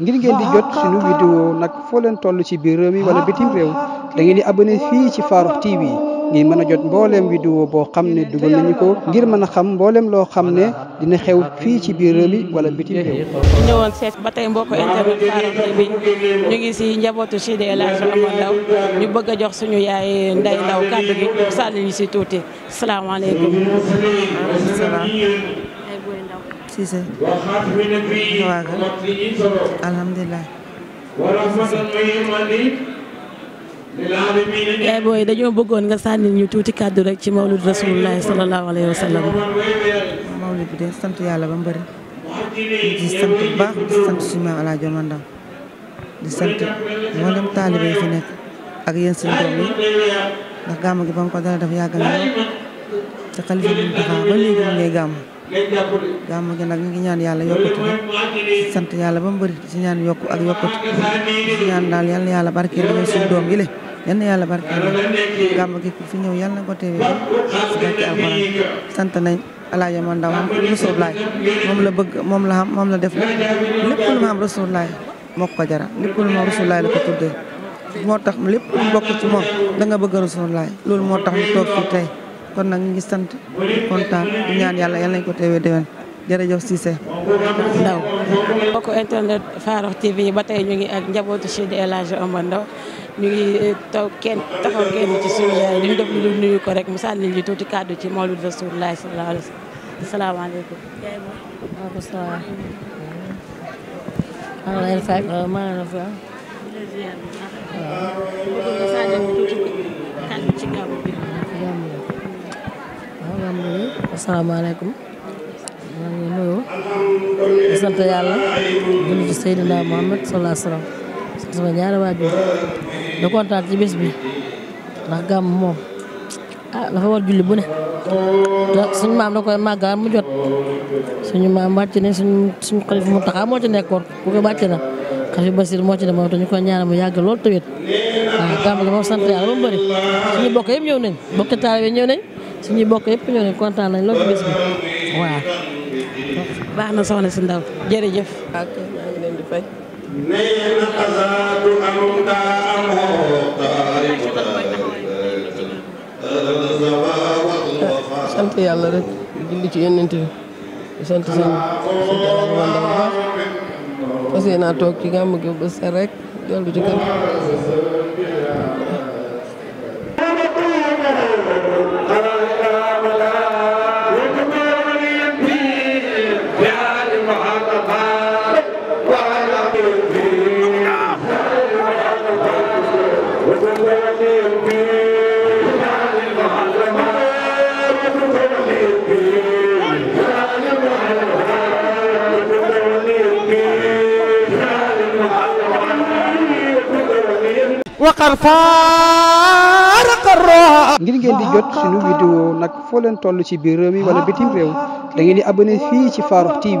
ngir ngeen di jot suñu vidéo nag foo leen toll ci biir réew mi wala bitim réew da di abonné fii ci Farokh TV ngir mën a jot mbooleem vidéo boo xam ne dugal nañu ko ngir mën a xam mbooleem loo xam ne dina xew fii ci biir réew wala bitim réew. ñëwoon seet ba tey mbokk internet Farokh bi ñu ngi si njabootu Sidi El Hadj Omar Ndao ñu bëgg a jox suñu yaay Ndeye Ndao kàddu gi sànni ñu si tuuti salaamaaleykum. Cissé waaga alhamdulilah eh, booy dañoo bëggoon nga sànnil ñu tuuti kàddu rek ci mawlid rasulullahi sallallahu alayhi wa sallam de sant yàlla ba mu di sant bu di sant suñu maam alaajo di sant mboolem taalibe yi fi nekk ak yéen seen doom yi ndax gi ba dara dafa yàgg na te xalifa ba léegi mu ngay gàmm gi nag ñu ngi ñaan yàlla yokkute sant yàlla ba mu bëri ñaan yokku ak yokkute si ñaan daal yal na yàlla barkeel ñëw suñu doom yi le yal na yàlla barkeel gi ku fi ñëw yal na ko teewee si barke alxuraan sant nañ alaaja ya man ndaw am rasulullaay moom la bëgg moom la xam la def lépp lu am rasulullaay moo jara lépp lu ma am la ko tuddee moo tax lu bokk ci moom da nga bëgg kon nag ñu ngi sant kontaan di ñaan yàlla yal nañu ko teewee déwén jërëjëf Cissé. Ndaw mbokku internet Farokh TV ba tey ñu ngi ak njabootu Sidi El Hadji Omar Ndaw ñu ngi taw kenn taxaw kenn ci suñu yaay li ñu nuyu ko rek mu sànni ñu tuuti kàddu ci Mawlid Rasulullah sallallahu alayhi wa sallam lay fay maa alhamdulilah asalaamaaleykum maa ngi nuyu di sant yàlla julli ci Seydina Muhammad sallallahu alayhi wa sallam sant sama ñaari waajur di kontaan ci bés bi ndax gàmm moom ah dafa war julli bu ne suñu maam da koy màggaar mu jot suñu maam wàcc ne suñu suñu xalifa mu taxaa moo ci nekkoon ku ko wàcc na xalifa Basir moo ci demoon te ñu koy ñaanal mu yàgg lool tamit waaw ah, gàmm gi moom sant yàlla ba mu bëri suñu bokk yëpp ñëw nañ bokk taalibe ñëw nañ suñuy bokk yëpp ñoo ne kontaan nañ loolu bis bi waaw. baax na soxna si ndaw jërëjëf. ok maa ngi leen di sant yàlla rek julli ci yonent bi sant sëñ bi parce que naa toog ci gàmm gi ba rek dellu ci kër waqar faaraqarro ngir ngeen di jot suñu vidéo nag foo leen toll ci biir réew mi wala bitim réew da ngeen di abonné fii ci Farokh TV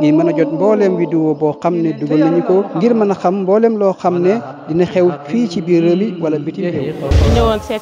ngir mën a jot mbooleem vidéo boo xam ne dugal nañu ko ngir mën a xam mbooleem loo xam ne dina xew fii ci biir réew mi wala bitim réew